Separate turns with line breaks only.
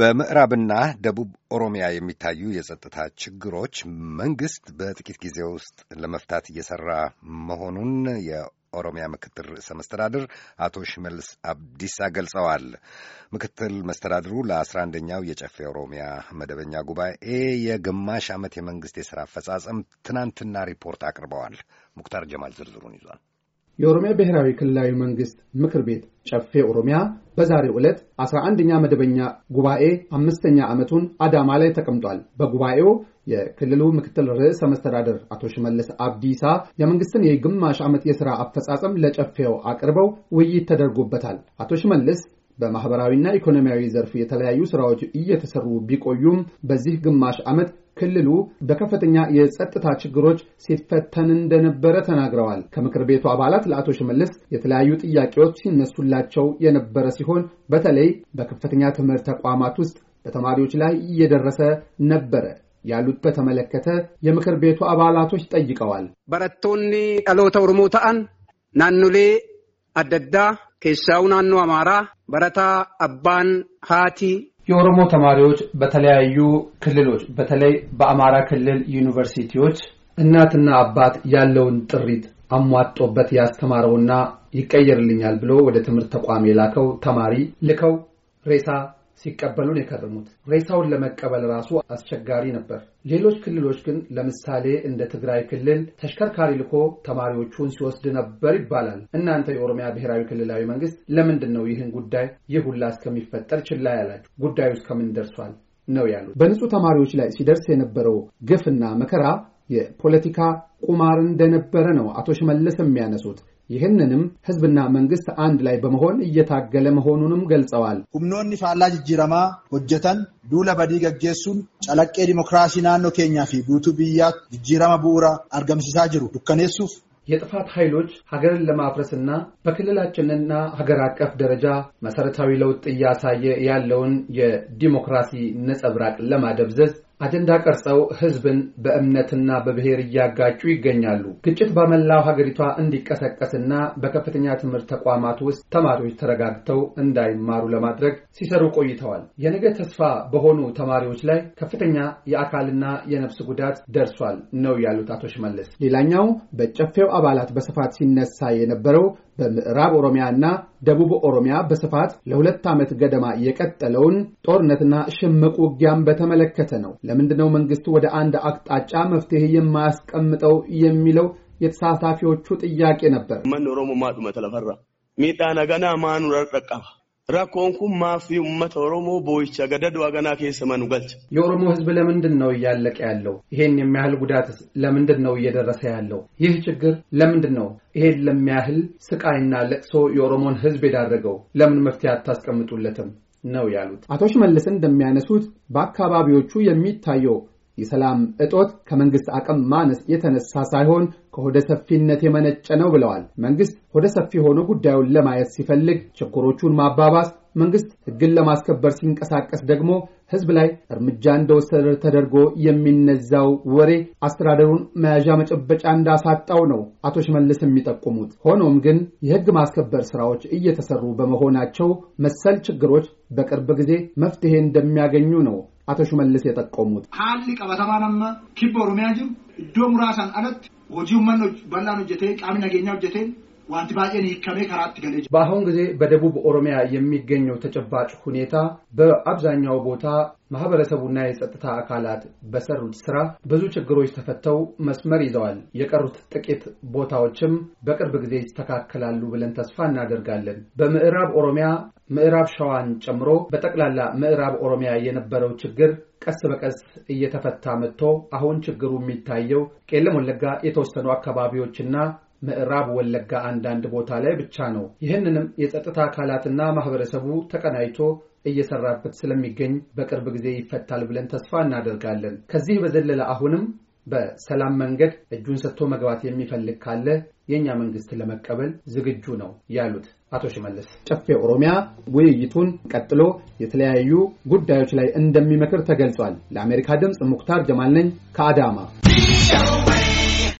በምዕራብና ደቡብ ኦሮሚያ የሚታዩ የጸጥታ ችግሮች መንግስት በጥቂት ጊዜ ውስጥ ለመፍታት እየሰራ መሆኑን የኦሮሚያ ምክትል ርዕሰ መስተዳድር አቶ ሽመልስ አብዲሳ ገልጸዋል። ምክትል መስተዳድሩ ለ11ኛው የጨፌ ኦሮሚያ መደበኛ ጉባኤ የግማሽ ዓመት የመንግስት የሥራ አፈጻጸም ትናንትና ሪፖርት አቅርበዋል። ሙክታር ጀማል ዝርዝሩን ይዟል። የኦሮሚያ ብሔራዊ ክልላዊ መንግስት ምክር ቤት ጨፌ ኦሮሚያ በዛሬው ዕለት 11ኛ መደበኛ ጉባኤ አምስተኛ ዓመቱን አዳማ ላይ ተቀምጧል። በጉባኤው የክልሉ ምክትል ርዕሰ መስተዳደር አቶ ሽመልስ አብዲሳ የመንግስትን የግማሽ ዓመት የሥራ አፈጻጸም ለጨፌው አቅርበው ውይይት ተደርጎበታል። አቶ ሽመልስ በማህበራዊና ኢኮኖሚያዊ ዘርፍ የተለያዩ ስራዎች እየተሰሩ ቢቆዩም በዚህ ግማሽ ዓመት ክልሉ በከፍተኛ የጸጥታ ችግሮች ሲፈተን እንደነበረ ተናግረዋል። ከምክር ቤቱ አባላት ለአቶ ሽመልስ የተለያዩ ጥያቄዎች ሲነሱላቸው የነበረ ሲሆን በተለይ በከፍተኛ ትምህርት ተቋማት ውስጥ በተማሪዎች ላይ እየደረሰ ነበረ ያሉት በተመለከተ የምክር ቤቱ አባላቶች ጠይቀዋል። በረቶኒ ቀሎተ ኦሮሞ ተአን ናኑሌ አደዳ ኬሳው ናኑ አማራ በረታ አባን ሃቲ የኦሮሞ ተማሪዎች በተለያዩ ክልሎች በተለይ በአማራ ክልል ዩኒቨርሲቲዎች እናትና አባት ያለውን ጥሪት አሟጦበት ያስተማረውና ይቀየርልኛል ብሎ ወደ ትምህርት ተቋም የላከው ተማሪ ልከው ሬሳ ሲቀበሉን የከረሙት። ሬሳውን ለመቀበል ራሱ አስቸጋሪ ነበር። ሌሎች ክልሎች ግን ለምሳሌ እንደ ትግራይ ክልል ተሽከርካሪ ልኮ ተማሪዎቹን ሲወስድ ነበር ይባላል። እናንተ የኦሮሚያ ብሔራዊ ክልላዊ መንግስት ለምንድን ነው ይህን ጉዳይ ይህ ሁላ እስከሚፈጠር ችላ ያላችሁ? ጉዳዩ እስከምን ደርሷል ነው ያሉት። በንጹህ ተማሪዎች ላይ ሲደርስ የነበረው ግፍና መከራ የፖለቲካ ቁማር እንደነበረ ነው አቶ ሽመለስ የሚያነሱት። ይህንንም ህዝብና መንግስት አንድ ላይ በመሆን እየታገለ መሆኑንም ገልጸዋል። ሁምኖኒ ፋላ ጅጅረማ ሆጀተን ዱለ በዲ ገጌሱን ጨለቄ ዲሞክራሲ ናኖ ኬኛ ፊ ቡቱ ብያ ጅጅረማ ቡራ አርገምሲሳ ጅሩ ዱከኔሱፍ የጥፋት ኃይሎች ሀገርን ለማፍረስና በክልላችንና ሀገር አቀፍ ደረጃ መሰረታዊ ለውጥ እያሳየ ያለውን የዲሞክራሲ ነጸብራቅ ለማደብዘዝ አጀንዳ ቀርጸው ህዝብን በእምነትና በብሔር እያጋጩ ይገኛሉ። ግጭት በመላው ሀገሪቷ እንዲቀሰቀስና በከፍተኛ ትምህርት ተቋማት ውስጥ ተማሪዎች ተረጋግተው እንዳይማሩ ለማድረግ ሲሰሩ ቆይተዋል። የነገ ተስፋ በሆኑ ተማሪዎች ላይ ከፍተኛ የአካልና የነፍስ ጉዳት ደርሷል ነው ያሉት አቶ ሽመልስ። ሌላኛው በጨፌው አባላት በስፋት ሲነሳ የነበረው በምዕራብ ኦሮሚያና ደቡብ ኦሮሚያ በስፋት ለሁለት ዓመት ገደማ የቀጠለውን ጦርነትና ሽምቅ ውጊያም በተመለከተ ነው። ለምንድነው መንግስት ወደ አንድ አቅጣጫ መፍትሄ የማያስቀምጠው የሚለው የተሳታፊዎቹ ጥያቄ ነበር። መን ኦሮሞ ማዱመ ተለፈራ ሚዳነገና ማኑረር ጠቀማ Rakkoon kun maafi uummata Oromoo boo'icha gadaduu haganaa keessa manu galcha. የኦሮሞ ሕዝብ ለምንድን ነው እያለቀ ያለው? ይሄን የሚያህል ጉዳት ለምንድን ነው እየደረሰ ያለው? ይህ ችግር ለምንድን ነው ይሄን ለሚያህል ስቃይና ለቅሶ የኦሮሞን ህዝብ የዳረገው? ለምን መፍትሄ አታስቀምጡለትም ነው ያሉት። አቶ ሽመልስ እንደሚያነሱት በአካባቢዎቹ የሚታየው የሰላም እጦት ከመንግስት አቅም ማነስ የተነሳ ሳይሆን ከሆደ ሰፊነት የመነጨ ነው ብለዋል። መንግስት ሆደ ሰፊ ሆኖ ጉዳዩን ለማየት ሲፈልግ ችግሮቹን ማባባስ፣ መንግስት ህግን ለማስከበር ሲንቀሳቀስ ደግሞ ህዝብ ላይ እርምጃ እንደወሰደ ተደርጎ የሚነዛው ወሬ አስተዳደሩን መያዣ መጨበጫ እንዳሳጣው ነው አቶ ሽመልስ የሚጠቁሙት። ሆኖም ግን የህግ ማስከበር ስራዎች እየተሰሩ በመሆናቸው መሰል ችግሮች በቅርብ ጊዜ መፍትሄ እንደሚያገኙ ነው አቶ ሹመልስ የጠቆሙት ሀሊ ቀበተማነመ ኪቦ ኦሮሚያ ጅሩ እዶ ሙራሳን አለት ሆጂ መን በላን ጀቴ ቃሚ ነገኛ ጀቴ ዋንቲ ባቄን ይከሜ ከራት ገለጅ በአሁን ጊዜ በደቡብ ኦሮሚያ የሚገኘው ተጨባጭ ሁኔታ በአብዛኛው ቦታ ማህበረሰቡና የጸጥታ አካላት በሰሩት ስራ ብዙ ችግሮች ተፈተው መስመር ይዘዋል። የቀሩት ጥቂት ቦታዎችም በቅርብ ጊዜ ይስተካከላሉ ብለን ተስፋ እናደርጋለን። በምዕራብ ኦሮሚያ ምዕራብ ሸዋን ጨምሮ በጠቅላላ ምዕራብ ኦሮሚያ የነበረው ችግር ቀስ በቀስ እየተፈታ መጥቶ አሁን ችግሩ የሚታየው ቄለም ወለጋ የተወሰኑ አካባቢዎችና ምዕራብ ወለጋ አንዳንድ ቦታ ላይ ብቻ ነው። ይህንንም የጸጥታ አካላትና ማህበረሰቡ ተቀናይቶ እየሰራበት ስለሚገኝ በቅርብ ጊዜ ይፈታል ብለን ተስፋ እናደርጋለን። ከዚህ በዘለለ አሁንም በሰላም መንገድ እጁን ሰጥቶ መግባት የሚፈልግ ካለ የእኛ መንግስት ለመቀበል ዝግጁ ነው ያሉት አቶ ሽመልስ ጨፌ ኦሮሚያ ውይይቱን ቀጥሎ የተለያዩ ጉዳዮች ላይ እንደሚመክር ተገልጿል። ለአሜሪካ ድምፅ ሙክታር ጀማል ነኝ ከአዳማ